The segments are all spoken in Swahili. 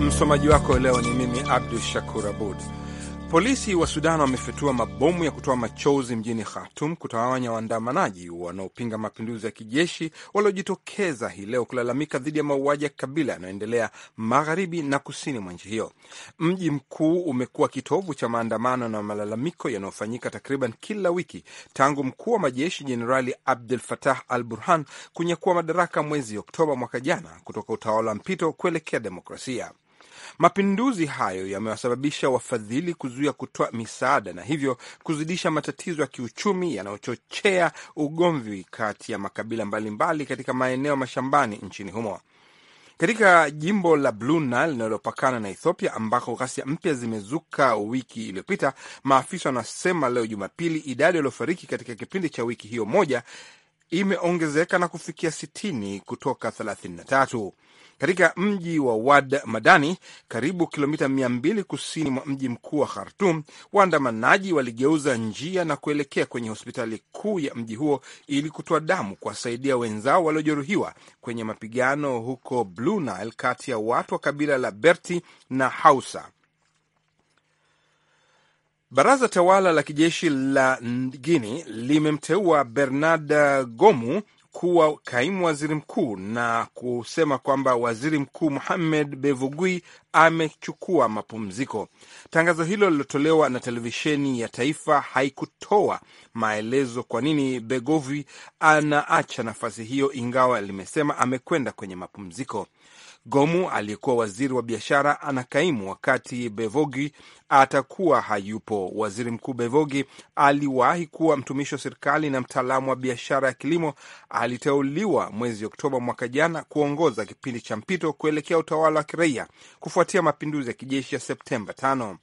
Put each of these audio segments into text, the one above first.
Msomaji wako leo ni mimi Abdu Shakur Abud. Polisi wa Sudan wamefyatua mabomu ya kutoa machozi mjini Khartum kutawanya waandamanaji wanaopinga mapinduzi ya kijeshi waliojitokeza hii leo kulalamika dhidi ya mauaji ya kabila yanayoendelea magharibi na kusini mwa nchi hiyo. Mji mkuu umekuwa kitovu cha maandamano na malalamiko yanayofanyika takriban kila wiki tangu mkuu wa majeshi Jenerali Abdul Fatah Al Burhan kunyakua madaraka mwezi Oktoba mwaka jana kutoka utawala wa mpito kuelekea demokrasia. Mapinduzi hayo yamewasababisha wafadhili kuzuia kutoa misaada na hivyo kuzidisha matatizo ya kiuchumi yanayochochea ugomvi kati ya makabila mbalimbali mbali katika maeneo mashambani nchini humo. Katika jimbo la Blue Nile linalopakana na Ethiopia ambako ghasia mpya zimezuka wiki iliyopita, maafisa wanasema leo Jumapili idadi waliofariki katika kipindi cha wiki hiyo moja imeongezeka na kufikia sitini kutoka thelathini na tatu katika mji wa Wad Madani, karibu kilomita 200 kusini mwa mji mkuu wa Khartum. Waandamanaji waligeuza njia na kuelekea kwenye hospitali kuu ya mji huo ili kutoa damu kuwasaidia wenzao waliojeruhiwa kwenye mapigano huko Blue Nile kati ya watu wa kabila la Berti na Hausa. Baraza tawala la kijeshi la Guini limemteua Bernard Gomu kuwa kaimu waziri mkuu na kusema kwamba waziri mkuu Muhamed Bevugui amechukua mapumziko. Tangazo hilo lilotolewa na televisheni ya taifa haikutoa maelezo kwa nini Begovi anaacha nafasi hiyo, ingawa limesema amekwenda kwenye mapumziko. Gomu aliyekuwa waziri wa biashara anakaimu wakati Bevogi atakuwa hayupo. Waziri Mkuu Bevogi aliwahi kuwa mtumishi wa serikali na mtaalamu wa biashara ya kilimo. Aliteuliwa mwezi Oktoba mwaka jana kuongoza kipindi cha mpito kuelekea utawala wa kiraia kufuatia mapinduzi ya kijeshi ya Septemba tano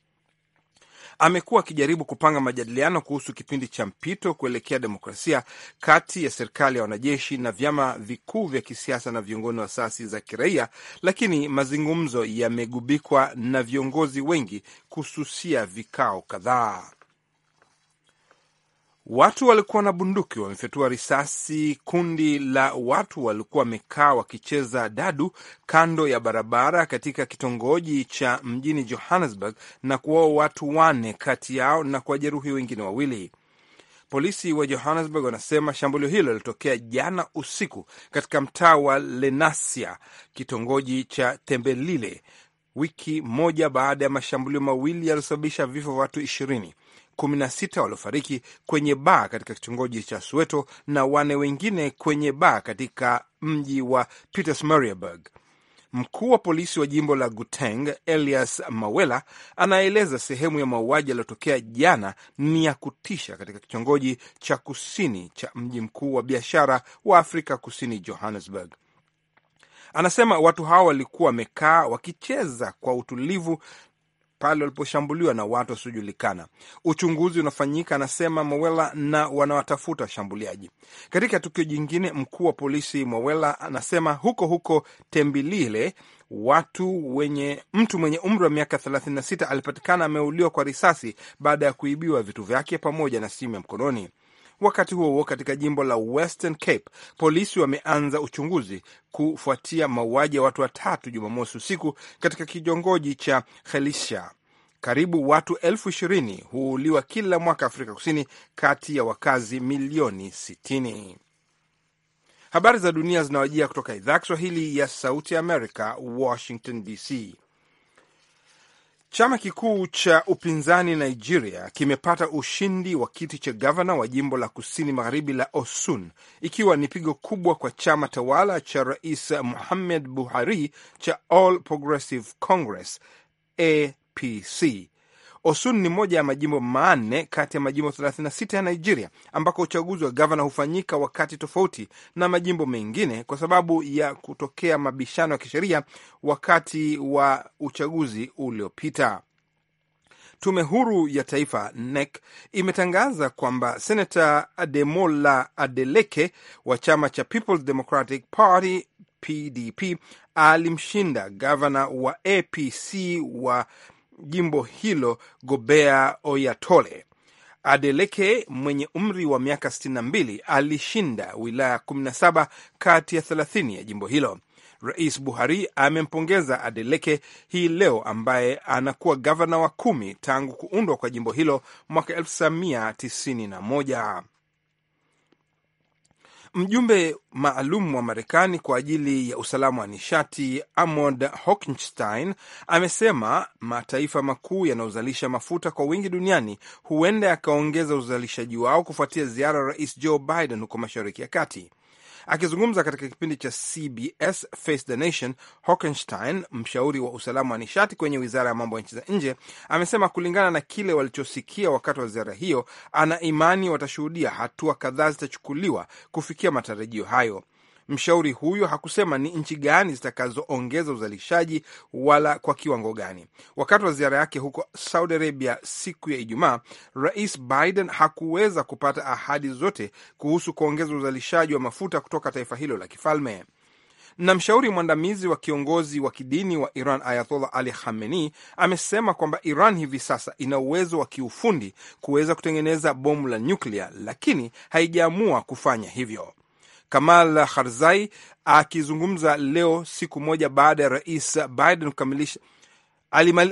amekuwa akijaribu kupanga majadiliano kuhusu kipindi cha mpito kuelekea demokrasia kati ya serikali ya wanajeshi na vyama vikuu vya kisiasa na viongozi wa asasi za kiraia, lakini mazungumzo yamegubikwa na viongozi wengi kususia vikao kadhaa. Watu walikuwa na bunduki wamefyatua risasi. Kundi la watu walikuwa wamekaa wakicheza dadu kando ya barabara katika kitongoji cha mjini Johannesburg na kuwaua watu wane kati yao na kuwajeruhi wengine wawili. Polisi wa Johannesburg wanasema shambulio hilo lilitokea jana usiku katika mtaa wa Lenasia, kitongoji cha Tembelile, wiki moja baada ya mashambulio mawili yaliyosababisha vifo vya watu ishirini. 16 waliofariki kwenye baa katika kitongoji cha Soweto na wane wengine kwenye baa katika mji wa Pietermaritzburg. Mkuu wa polisi wa jimbo la Gauteng Elias Mawela anaeleza sehemu ya mauaji yaliyotokea jana ni ya kutisha katika kitongoji cha kusini cha mji mkuu wa biashara wa Afrika Kusini, Johannesburg. Anasema watu hao walikuwa wamekaa wakicheza kwa utulivu pale waliposhambuliwa na watu wasiojulikana. Uchunguzi unafanyika, anasema Mawela, na wanawatafuta washambuliaji. Katika tukio jingine, mkuu wa polisi Mawela anasema huko huko Tembilile watu wenye mtu mwenye umri wa miaka 36 alipatikana ameuliwa kwa risasi baada ya kuibiwa vitu vyake pamoja na simu ya mkononi. Wakati huo huo, katika jimbo la Western Cape polisi wameanza uchunguzi kufuatia mauaji ya watu watatu Jumamosi usiku katika kitongoji cha Khalisha. Karibu watu elfu ishirini huuliwa kila mwaka Afrika Kusini, kati ya wakazi milioni sitini. Habari za dunia zinawajia kutoka idhaa ya Kiswahili ya Sauti ya Amerika, Washington DC. Chama kikuu cha upinzani Nigeria kimepata ushindi wa kiti cha gavana wa jimbo la kusini magharibi la Osun, ikiwa ni pigo kubwa kwa chama tawala cha Rais Muhammad Buhari cha All Progressive Congress APC. Osun ni moja ya majimbo manne kati ya majimbo 36 ya Nigeria ambako uchaguzi wa gavana hufanyika wakati tofauti na majimbo mengine kwa sababu ya kutokea mabishano ya kisheria wakati wa uchaguzi uliopita. Tume huru ya taifa NEC imetangaza kwamba senata Ademola Adeleke wa chama cha Peoples Democratic Party PDP alimshinda gavana wa APC wa jimbo hilo Gobea Oyatole. Adeleke mwenye umri wa miaka 62 alishinda wilaya 17 kati ya 30 ya jimbo hilo. Rais Buhari amempongeza Adeleke hii leo, ambaye anakuwa gavana wa kumi tangu kuundwa kwa jimbo hilo mwaka 1991. Mjumbe maalum wa Marekani kwa ajili ya usalama wa nishati Amod Hochstein amesema mataifa makuu yanayozalisha mafuta kwa wingi duniani huenda yakaongeza uzalishaji wao kufuatia ziara ya Rais Joe Biden huko Mashariki ya Kati. Akizungumza katika kipindi cha CBS Face the Nation, Hockenstein, mshauri wa usalama wa nishati kwenye wizara ya mambo ya nchi za nje, amesema kulingana na kile walichosikia wakati wa ziara hiyo, ana imani watashuhudia hatua kadhaa zitachukuliwa kufikia matarajio hayo. Mshauri huyo hakusema ni nchi gani zitakazoongeza uzalishaji wala kwa kiwango gani. Wakati wa ziara yake huko Saudi Arabia siku ya Ijumaa, Rais Biden hakuweza kupata ahadi zote kuhusu kuongeza uzalishaji wa mafuta kutoka taifa hilo la kifalme na mshauri mwandamizi wa kiongozi wa kidini wa Iran Ayatollah Ali Khamenei amesema kwamba Iran hivi sasa ina uwezo wa kiufundi kuweza kutengeneza bomu la nyuklia, lakini haijaamua kufanya hivyo. Kamal Kharzai akizungumza leo siku moja baada ya rais Biden kukamilisha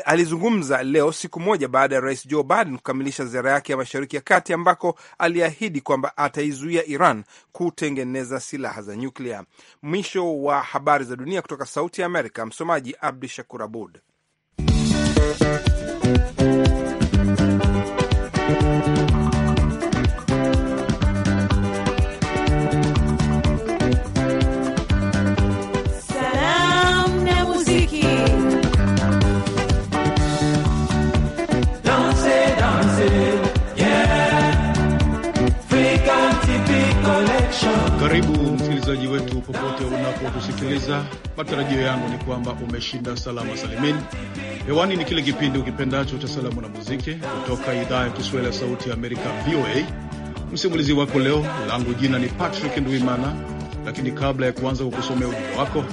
alizungumza leo siku moja baada ya rais Joe Biden kukamilisha ziara yake ya Mashariki ya Kati ambako aliahidi kwamba ataizuia Iran kutengeneza silaha za nyuklia. Mwisho wa habari za dunia kutoka Sauti ya Amerika. Msomaji Abdu Shakur Abud. kunisikiliza. Matarajio yangu ni kwamba umeshinda salama salimini. Hewani ni kile kipindi ukipendacho cha salamu na muziki kutoka idhaa ya Kiswahili ya Sauti ya Amerika, VOA. Msimulizi wako leo langu jina ni Patrick Ndwimana, lakini kabla ya kuanza kukusomea ujumbe wako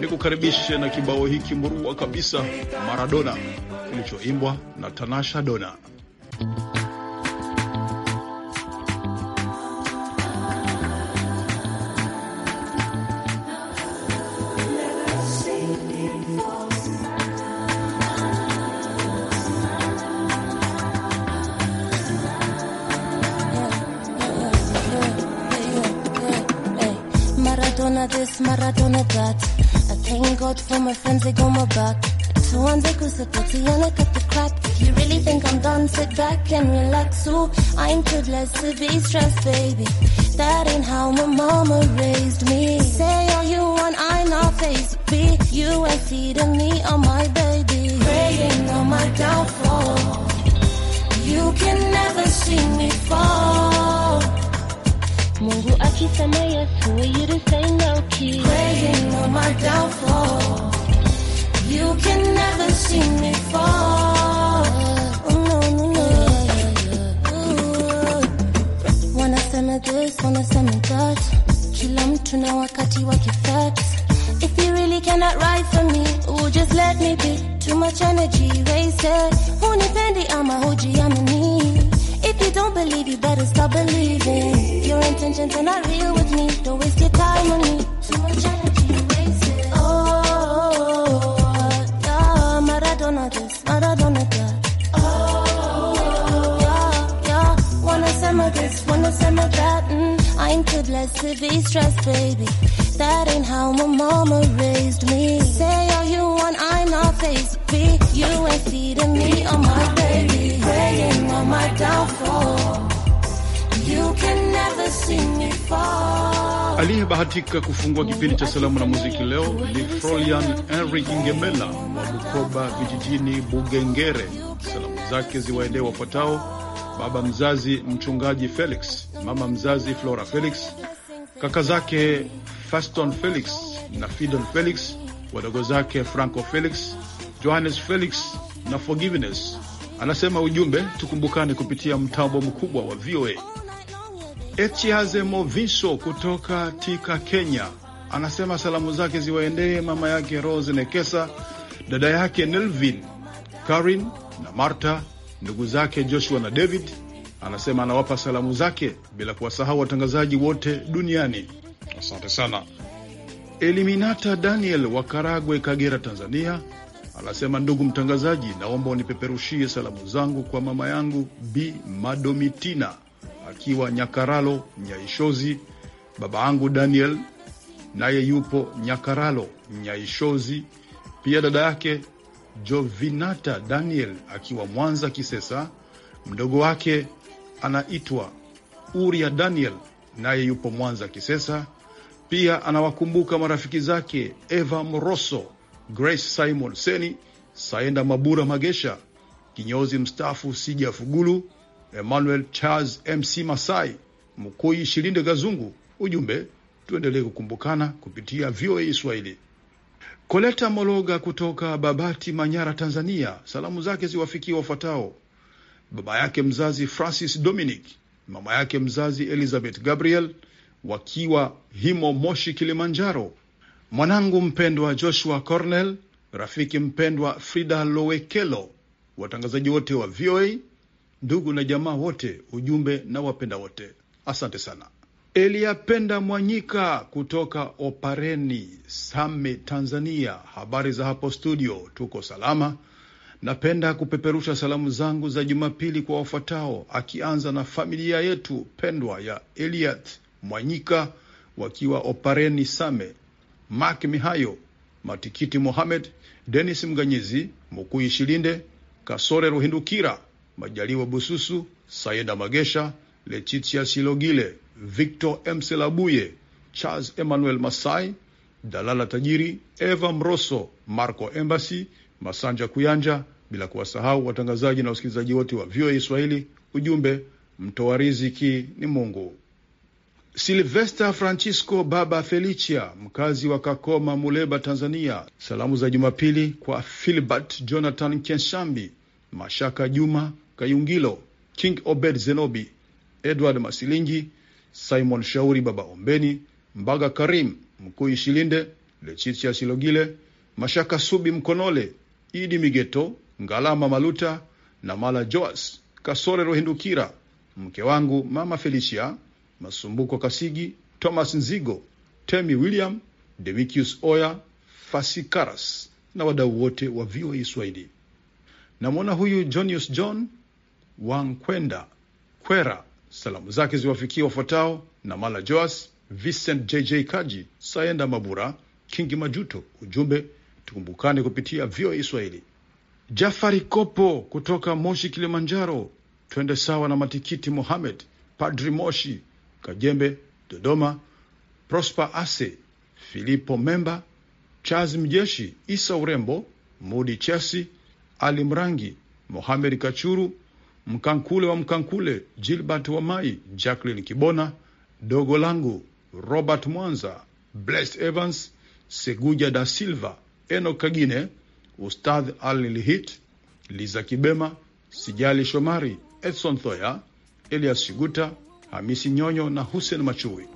nikukaribishe na kibao hiki murua kabisa Maradona kilichoimbwa na Tanasha Dona. of this, maratona that. I thank God for my friends, they go my back. So and I cut the crap. You really think I'm done? Sit back and relax. Ooh, I'm too blessed to be stressed, baby. That ain't how my mama raised me. Say all you want, I'm not faced. Be you and feeding me on oh, my baby. Praying on my downfall. You can never see me fall. Mungu akisema Yesu yirusengauki okay. Praying on my downfall You can never see me fall Oh no no no. Wanna send me this, Wanna wanasema that Kila mtu na wakati wake facts If you really cannot ride for me, oh, just let me be. Too much energy, wasted. it. Hunipendi ama hujiamini don't believe, you better stop believing. Your intentions are not real with me. Don't waste your time on me. Too much energy wasted. Oh, oh, oh, yeah, Maradona this, Maradona that. Oh, yeah, yeah. Wanna summer this, wanna summer that. Mm, I ain't too blessed to be stressed, baby. That ain't how my mama raised me. Say all you want, I'm not faced. Be you ain't feeding me on my baby. praying on my downfall. You can never see me fall. Aliyebahatika kufungua kipindi cha salamu na muziki leo ni Frolian Henry Ingemela wa Bukoba vijijini Bugengere. Salamu zake ziwaendee wafuatao: baba mzazi mchungaji Felix, mama mzazi Flora Felix, kaka zake Faston Felix na Fidon Felix, wadogo zake Franco Felix, Johannes Felix na Forgiveness anasema ujumbe tukumbukane kupitia mtambo mkubwa wa VOA. Echiaze Moviso kutoka Tika, Kenya, anasema salamu zake ziwaendee mama yake Rose Nekesa, dada yake Nelvin, Karin na Marta, ndugu zake Joshua na David. Anasema anawapa salamu zake bila kuwasahau watangazaji wote duniani. Asante sana. Eliminata Daniel wa Karagwe, Kagera, Tanzania Anasema, ndugu mtangazaji, naomba unipeperushie salamu zangu kwa mama yangu Bi Madomitina akiwa Nyakaralo Nyaishozi, baba yangu Daniel naye yupo Nyakaralo Nyaishozi, pia dada yake Jovinata Daniel akiwa Mwanza Kisesa, mdogo wake anaitwa Uria Daniel naye yupo Mwanza Kisesa. Pia anawakumbuka marafiki zake Eva Moroso Grace Simon Seni, Saenda Mabura Magesha, kinyozi mstaafu Sija Fugulu, Emmanuel Charles Mc Masai, Mkui Shilinde Gazungu. Ujumbe, tuendelee kukumbukana kupitia VOA Swahili. Koleta Mologa kutoka Babati, Manyara, Tanzania, salamu zake ziwafikie wafuatao: baba yake mzazi Francis Dominic, mama yake mzazi Elizabeth Gabriel wakiwa Himo Moshi, Kilimanjaro, Mwanangu mpendwa Joshua Cornell, rafiki mpendwa Frida Lowekelo, watangazaji wote wa VOA, ndugu na jamaa wote, ujumbe na wapenda wote, asante sana. Eliyapenda Mwanyika kutoka Opareni Same, Tanzania. Habari za hapo studio, tuko salama. Napenda kupeperusha salamu zangu za Jumapili kwa wafuatao, akianza na familia yetu pendwa ya Eliat Mwanyika wakiwa Opareni Same Mark Mihayo, Matikiti Mohamed, Denis Mganyizi, Mukui Shilinde, Kasore Ruhindukira, Majaliwa Bususu, Sayenda Magesha, Lechitia Silogile, Victor Mselabuye, Charles Emmanuel Masai, Dalala Tajiri, Eva Mroso, Marco Embassy, Masanja Kuyanja, bila kuwasahau watangazaji na wasikilizaji wote wa VOA Swahili. Ujumbe, mtoa riziki ni Mungu. Silvesta Francisco Baba Felicia, mkazi wa Kakoma, Muleba, Tanzania. Salamu za Jumapili kwa Filbert Jonathan Kenshambi, Mashaka Juma Kayungilo, King Obed Zenobi, Edward Masilingi, Simon Shauri, Baba Ombeni, Mbaga Karim, Mkuu Shilinde, Lechitia Silogile, Mashaka Subi Mkonole, Idi Migeto, Ngalama Maluta na Mala Joas Kasore Rohindukira, mke wangu Mama Felicia Masumbuko Kasigi, Thomas Nzigo, Temi William, Demikius Oya, Fasikaras na wadau wote wa VOA Swahili. Namwona huyu Jonius John Wankwenda Kwera, salamu zake ziwafikia wafuatao: na Mala Joas, Vincent JJ Kaji, Saenda Mabura, Kingi Majuto. Ujumbe, tukumbukane kupitia VOA Swahili. Jafari Kopo kutoka Moshi, Kilimanjaro, twende sawa na matikiti. Mohamed Padri Moshi Kajembe Dodoma, Prosper Ase, Filipo Memba, Charles Mjeshi, Isa Urembo, Mudi Chesi, Ali Mrangi, Mohamed Kachuru, Mkankule wa Mkankule, Gilbert Wamai, Jacqueline Kibona, Dogo Langu, Robert Mwanza, Blessed Evans, Seguja da Silva, Eno Kagine, Ustadh Ali Lihit, Liza Kibema, Sijali Shomari, Edson Thoya, Elias Shiguta Hamisi Nyonyo na Hussein Machui.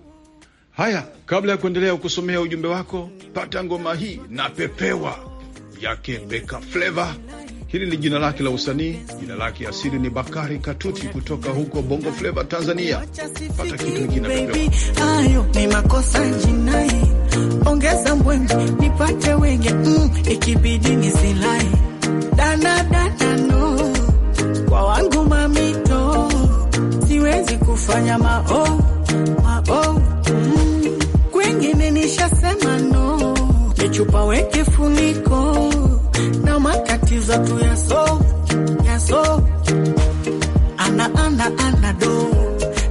Haya, kabla ya kuendelea kusomea ujumbe wako, pata ngoma hii na pepewa yake Beka Fleva. Hili ni jina lake la usanii. Jina lake asili ni Bakari Katuti kutoka huko Bongo Fleva, Tanzania. Pata kitu kingine pepewa. Hayo ni makosa jinai, ongeza mbwenje nipate wenge, mm, ikibidi nisilai dana dana no kwa wangu mami siwezi kufanya mao mao, mm, kwengine nishasema no, nichupa weke funiko na matatizo tu ya so ana ana ana do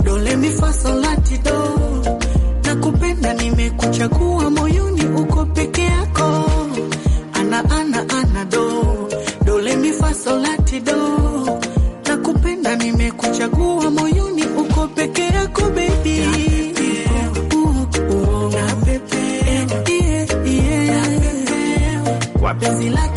dole mifasolati do, nakupenda nimekuchagua moyoni busy like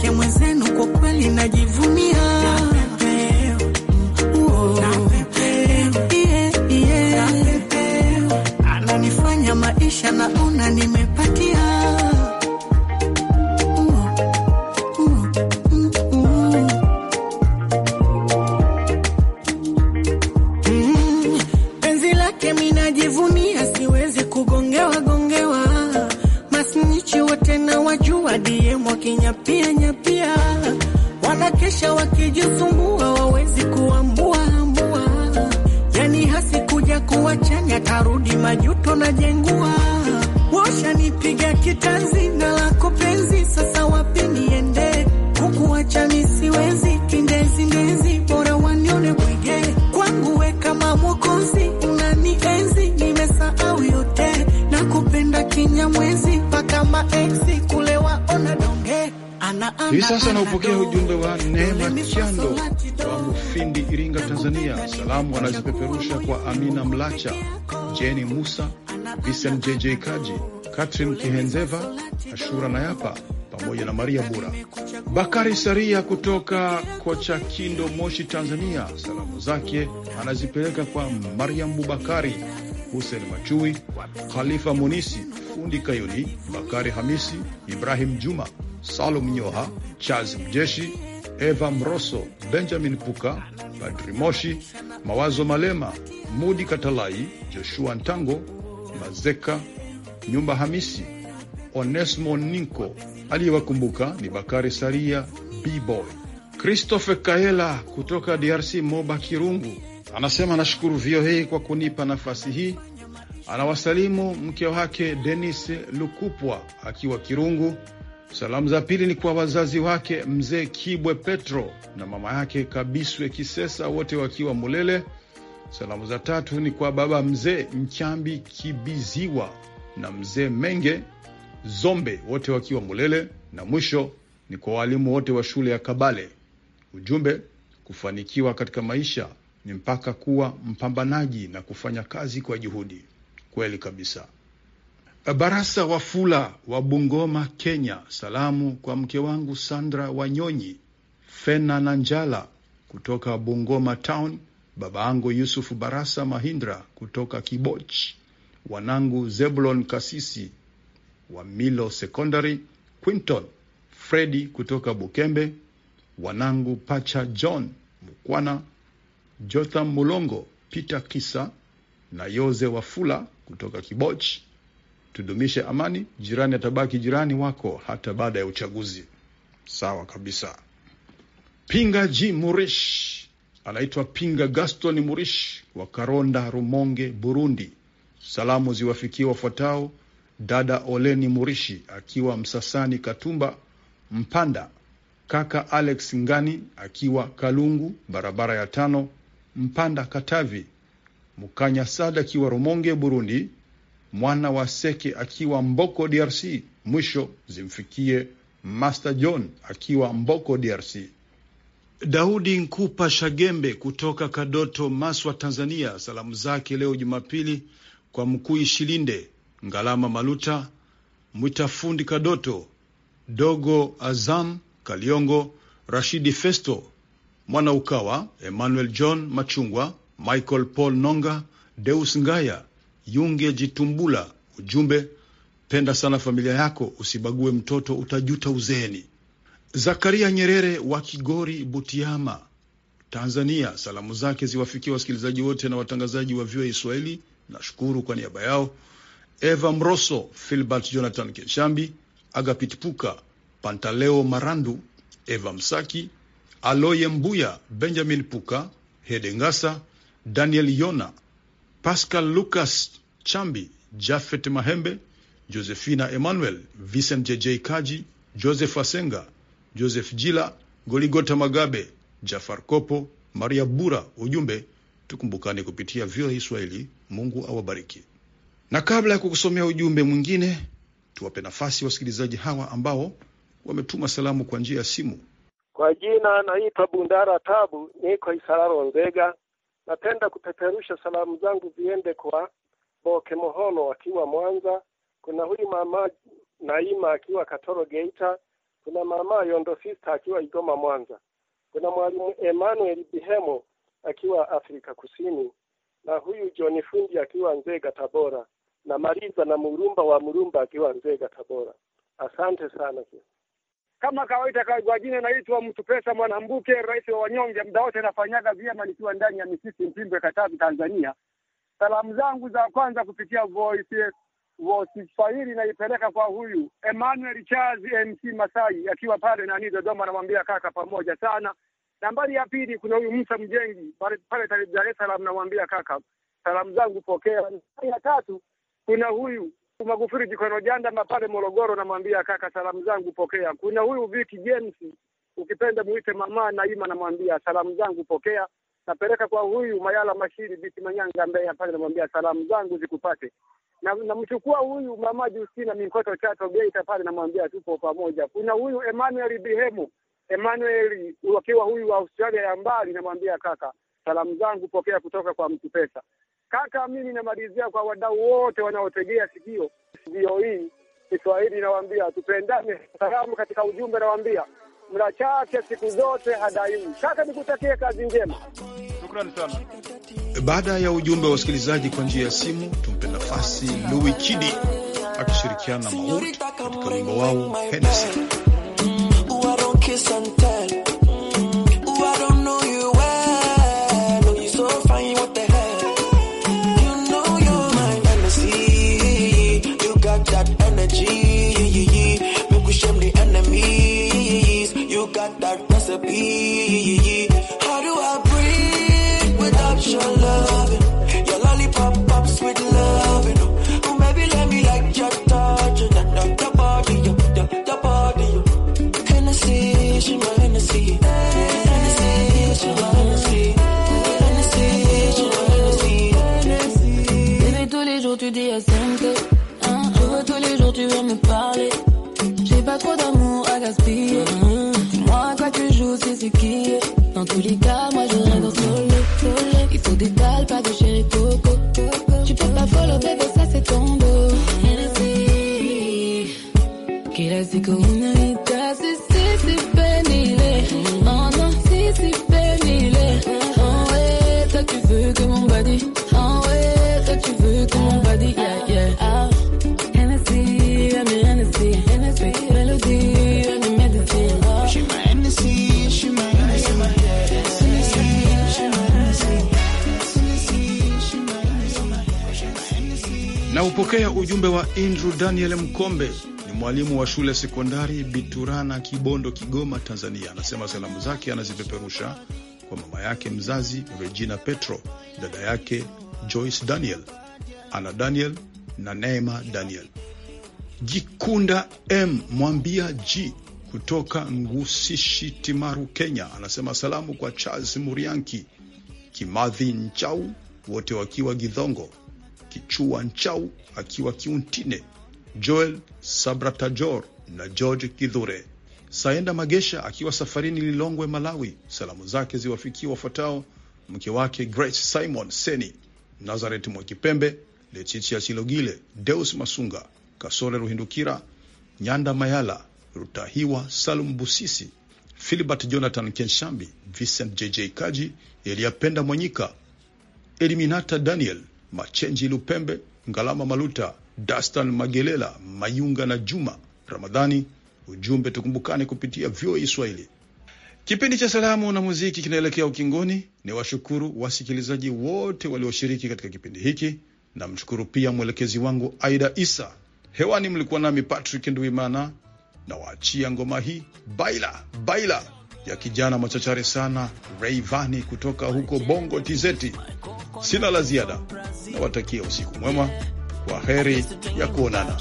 majuto na jengua washa nipiga kitanzi na lako penzi sasa wapi niende huku wacha nisiwezi kindezi ndezi bora wanione bwige kwangu we kama mwokozi unanienzi nimesahau yote na kupenda kinyamwezi mpaka maenzi kule waona donge hivi sasa anaupokea ujumbe wa Neema Chando wa Mufindi, Iringa, Tanzania. Salamu anazipeperusha kwa Amina Mlacha Jeni Musa, Vincent JJ Kaji, Katrin Kihenzeva, Ashura Nayapa pamoja na Maria Bura. Bakari Saria kutoka Kocha Kindo, Moshi, Tanzania, salamu zake anazipeleka kwa Mariam Bubakari, Hussein Machui, Khalifa Munisi, Fundi Kayuni, Bakari Hamisi, Ibrahim Juma, Salum Nyoha, Charles Mjeshi, Eva Mroso, Benjamin Puka, padri Moshi, Mawazo Malema, Mudi Katalai, Joshua Ntango, Mazeka Nyumba, Hamisi Onesmo Ninko. Aliyewakumbuka ni Bakari Saria, Bboy Christophe Kaela kutoka DRC, Moba Kirungu, anasema anashukuru VOA kwa kunipa nafasi hii. Anawasalimu mke wake Denis Lukupwa akiwa Kirungu. Salamu za pili ni kwa wazazi wake mzee Kibwe Petro na mama yake Kabiswe Kisesa, wote wakiwa Mulele. Salamu za tatu ni kwa baba mzee Mchambi Kibiziwa na mzee Menge Zombe, wote wakiwa Mulele, na mwisho ni kwa walimu wote wa shule ya Kabale. Ujumbe, kufanikiwa katika maisha ni mpaka kuwa mpambanaji na kufanya kazi kwa juhudi. Kweli kabisa. Barasa Wafula wa Bungoma, Kenya, salamu kwa mke wangu Sandra Wanyonyi Fena na Njala kutoka Bungoma Town babangu yusufu Barasa Mahindra kutoka Kiboch, wanangu Zebulon Kasisi wa Milo Secondary, Quinton Fredi kutoka Bukembe, wanangu Pacha John Mukwana, Jotham Mulongo, Peter Kisa na Yoze Wafula kutoka Kiboch. Tudumishe amani, jirani atabaki jirani wako hata baada ya uchaguzi. Sawa kabisa. Pinga Jimurish anaitwa Pinga Gaston Murishi wa Karonda, Rumonge, Burundi. Salamu ziwafikie wafuatao: dada Oleni Murishi akiwa Msasani, Katumba, Mpanda, kaka Alex Ngani akiwa Kalungu, barabara ya tano, Mpanda, Katavi, Mkanya Sada akiwa Rumonge, Burundi, mwana wa Seke akiwa Mboko, DRC. Mwisho zimfikie Master John akiwa Mboko, DRC. Daudi Nkupa Shagembe kutoka Kadoto, Maswa, Tanzania, salamu zake leo Jumapili kwa Mkuu Ishilinde, Ngalama Maluta, Mwitafundi Kadoto, Dogo Azam Kaliongo, Rashidi Festo Mwana Ukawa, Emmanuel John Machungwa, Michael Paul Nonga, Deus Ngaya, Yunge Jitumbula. Ujumbe, penda sana familia yako, usibague mtoto, utajuta uzeeni. Zakaria Nyerere wa Kigori, Butiama, Tanzania, salamu zake ziwafikie wasikilizaji wote na watangazaji wa VOA Swahili. Nashukuru kwa niaba yao. Eva Mroso, Filbert Jonathan Kenshambi, Agapit Puka, Pantaleo Marandu, Eva Msaki, Aloye Mbuya, Benjamin Puka, Hedengasa, Daniel Yona, Pascal Lucas Chambi, Jafet Mahembe, Josefina Emmanuel, Vincent JJ Kaji, Joseph Asenga, Joseph Jila, Goligota Magabe, Jafar Kopo, Maria Bura. Ujumbe, tukumbukane kupitia VOA Swahili. Mungu awabariki. Na kabla ya kukusomea ujumbe mwingine, tuwape nafasi wasikilizaji hawa ambao wametuma salamu kwa njia ya simu. Kwa jina naitwa Bundara Tabu, niko Isararo, Nzega. Napenda kupeperusha salamu zangu ziende kwa Boke Mohono akiwa Mwanza, kuna huyu mama Naima akiwa Katoro Geita, kuna mama Yondo Sista akiwa Igoma Mwanza, kuna mwalimu Emmanuel Bihemo akiwa Afrika Kusini, na huyu John Fundi akiwa Nzega Tabora, na Mariza na Murumba wa Murumba akiwa Nzega Tabora. Asante sana kia. Kama kawaida kwa jina naitwa mtu pesa Mwanambuke, rais wa wanyonge, muda wote nafanyaga vyema nikiwa ndani ya misisi Mpimbwe, Katavi, Tanzania. Salamu zangu za kwanza kupitia voice Kiswahili naipeleka kwa huyu Emmanuel Chazi MC Masai akiwa pale nani Dodoma, namwambia kaka, pamoja sana. Nambari ya pili kuna huyu Musa Mjengi pale Dar es Salaam, namwambia kaka, salamu zangu pokea. Nambari ya tatu kuna huyu Magufuli Jikono Jandama pale Morogoro, namwambia kaka, salamu zangu pokea. Kuna huyu Vicky James, ukipenda muite mama Naima, namwambia salamu zangu pokea. Napeleka kwa huyu Mayala Mashiri Biti Manyanga Mbeya pale, namwambia salamu zangu zikupate namchukua huyu mama Justina Mikoto Chato Geita pale, namwambia tupo pamoja. Kuna huyu Emmanuel Bihemu Emmanuel wakiwa huyu wa Australia ya mbali, namwambia kaka, salamu zangu pokea kutoka kwa mtu pesa. Kaka, mimi namalizia kwa wadau wote wanaotegea sikio hii e, Kiswahili, nawambia tupendane. Salamu katika ujumbe, nawambia mra chake siku zote hadaiwi. Kaka, nikutakie kazi njema, shukrani sana. Baada ya ujumbe wa wasikilizaji kwa njia ya simu, tumpe nafasi Louis Kidi akishirikiana na Maut katika wimbo wao Hennessy. Je veux tous les jours, tu veux me parler. J'ai pas trop d'amour à gaspiller. Mm-hmm. Dis-moi à quoi tu joues, c'est ce qui Dans tous les cas, moi je rêve en solo. Il faut des dalles, pas de chéri coco. Tu peux pas voler bébé, ça c'est ton dos. Quieres dit si, mm-hmm. Oh non, si, c'est pénible mm-hmm. Oh ouais, toi tu veux que mon body Napokea ujumbe wa Andrew Daniel Mkombe, ni mwalimu wa shule sekondari Biturana, Kibondo, Kigoma, Tanzania. Anasema salamu zake anazipeperusha kwa mama yake mzazi Regina Petro, dada yake Joyce Daniel, Ana Daniel na Neema Daniel. Jikunda M mwambia G kutoka Ngusishi, Timaru, Kenya, anasema salamu kwa Charles Murianki, Kimathi Nchau, wote wakiwa Gidhongo Kichua Nchau akiwa Kiuntine, Joel Sabratajor na George Kidhure. Saenda Magesha akiwa safarini Lilongwe, Malawi, salamu zake ziwafikia wafuatao: mke wake Grace Simon Seni, Nazaret Mwakipembe, Leticia Chilogile, Deus Masunga, Kasore Ruhindukira, Nyanda Mayala, Rutahiwa Salum Busisi, Filibert Jonathan Kenshambi, Vincent JJ Kaji, Eliapenda Mwanyika, Eliminata Daniel Machenji Lupembe, Ngalama Maluta, Dastan Magelela, Mayunga na Juma Ramadhani. Ujumbe tukumbukane kupitia VOA e Swahili. Kipindi cha salamu na muziki kinaelekea ukingoni. Ni washukuru wasikilizaji wote walioshiriki katika kipindi hiki. Namshukuru pia mwelekezi wangu Aida Isa. Hewani mlikuwa nami Patrick Nduimana, nawaachia ngoma hii baila baila ya kijana machachari sana Rayvanny kutoka huko Bongo Tizeti. Sina la ziada, nawatakia usiku mwema, kwa heri ya kuonana.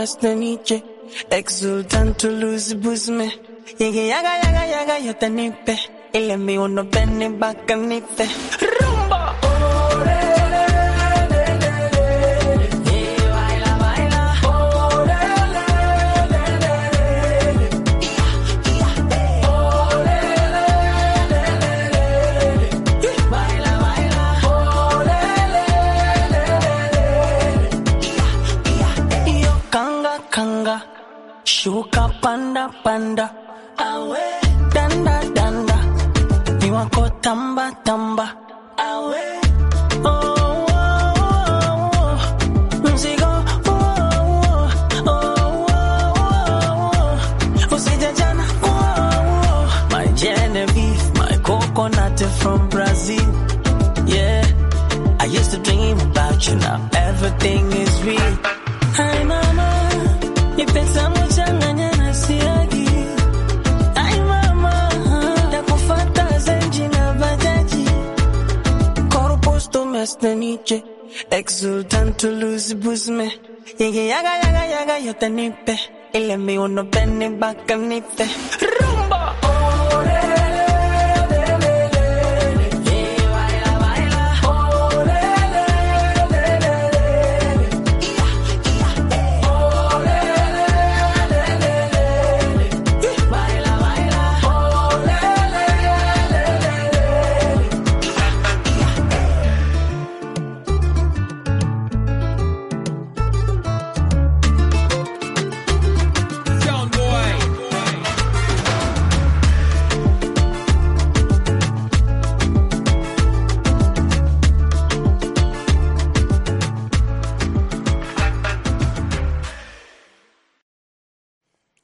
más de Exultante luz busme. yaga yaga yaga yo te nipe. no Este exultante luz busme. Llegué, yaga, yaga, yaga, yo te nipe. El enemigo no ven ni va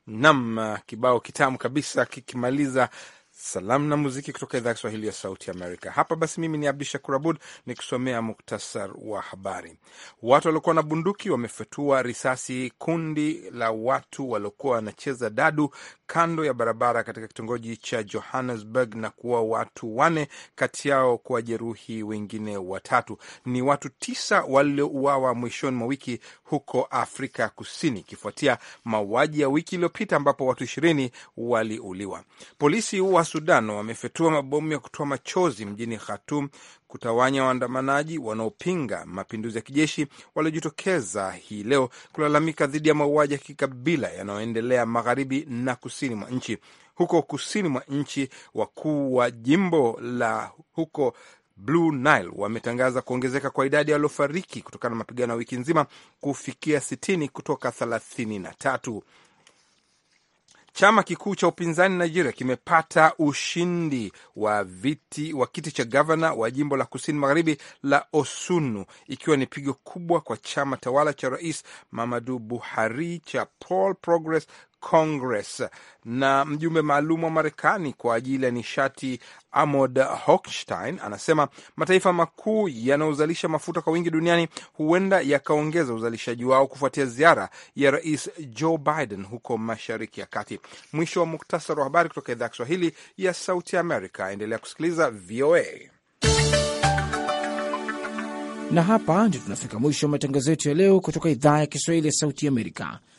Nam kibao kitamu kabisa kikimaliza salamu na muziki kutoka idhaa ya Kiswahili ya Sauti Amerika. Hapa basi, mimi ni Abdu Shakur Abud nikisomea muktasar wa habari. Watu waliokuwa na bunduki wamefyatua risasi kundi la watu waliokuwa wanacheza dadu kando ya barabara katika kitongoji cha Johannesburg na kuua watu wane, kati yao kwa jeruhi wengine watatu. Ni watu tisa waliouawa mwishoni mwa wiki huko Afrika Kusini, ikifuatia mauaji ya wiki iliyopita ambapo watu ishirini waliuliwa. Polisi wa Sudan wamefyatua mabomu ya kutoa machozi mjini Khartoum kutawanya waandamanaji wanaopinga mapinduzi ya kijeshi waliojitokeza hii leo kulalamika dhidi ya mauaji ya kikabila yanayoendelea magharibi na kusini mwa nchi. Huko kusini mwa nchi, wakuu wa jimbo la huko Blue Nile wametangaza kuongezeka kwa idadi ya waliofariki kutokana na mapigano ya wiki nzima kufikia sitini kutoka thelathini na tatu. Chama kikuu cha upinzani Nigeria kimepata ushindi wa viti wa kiti cha gavana wa jimbo la kusini magharibi la Osunu, ikiwa ni pigo kubwa kwa chama tawala cha Rais mamadu Buhari cha paul Progress Congress na mjumbe maalum wa Marekani kwa ajili ya nishati Amod Hochstein anasema mataifa makuu yanayozalisha mafuta kwa wingi duniani huenda yakaongeza uzalishaji wao kufuatia ziara ya Rais Joe Biden huko Mashariki ya Kati. Mwisho wa muktasari wa habari kutoka idhaa ya Kiswahili ya Sauti ya Amerika. Endelea kusikiliza VOA na hapa ndio tunafika mwisho wa matangazo yetu ya leo kutoka idhaa ya Kiswahili ya Sauti Amerika.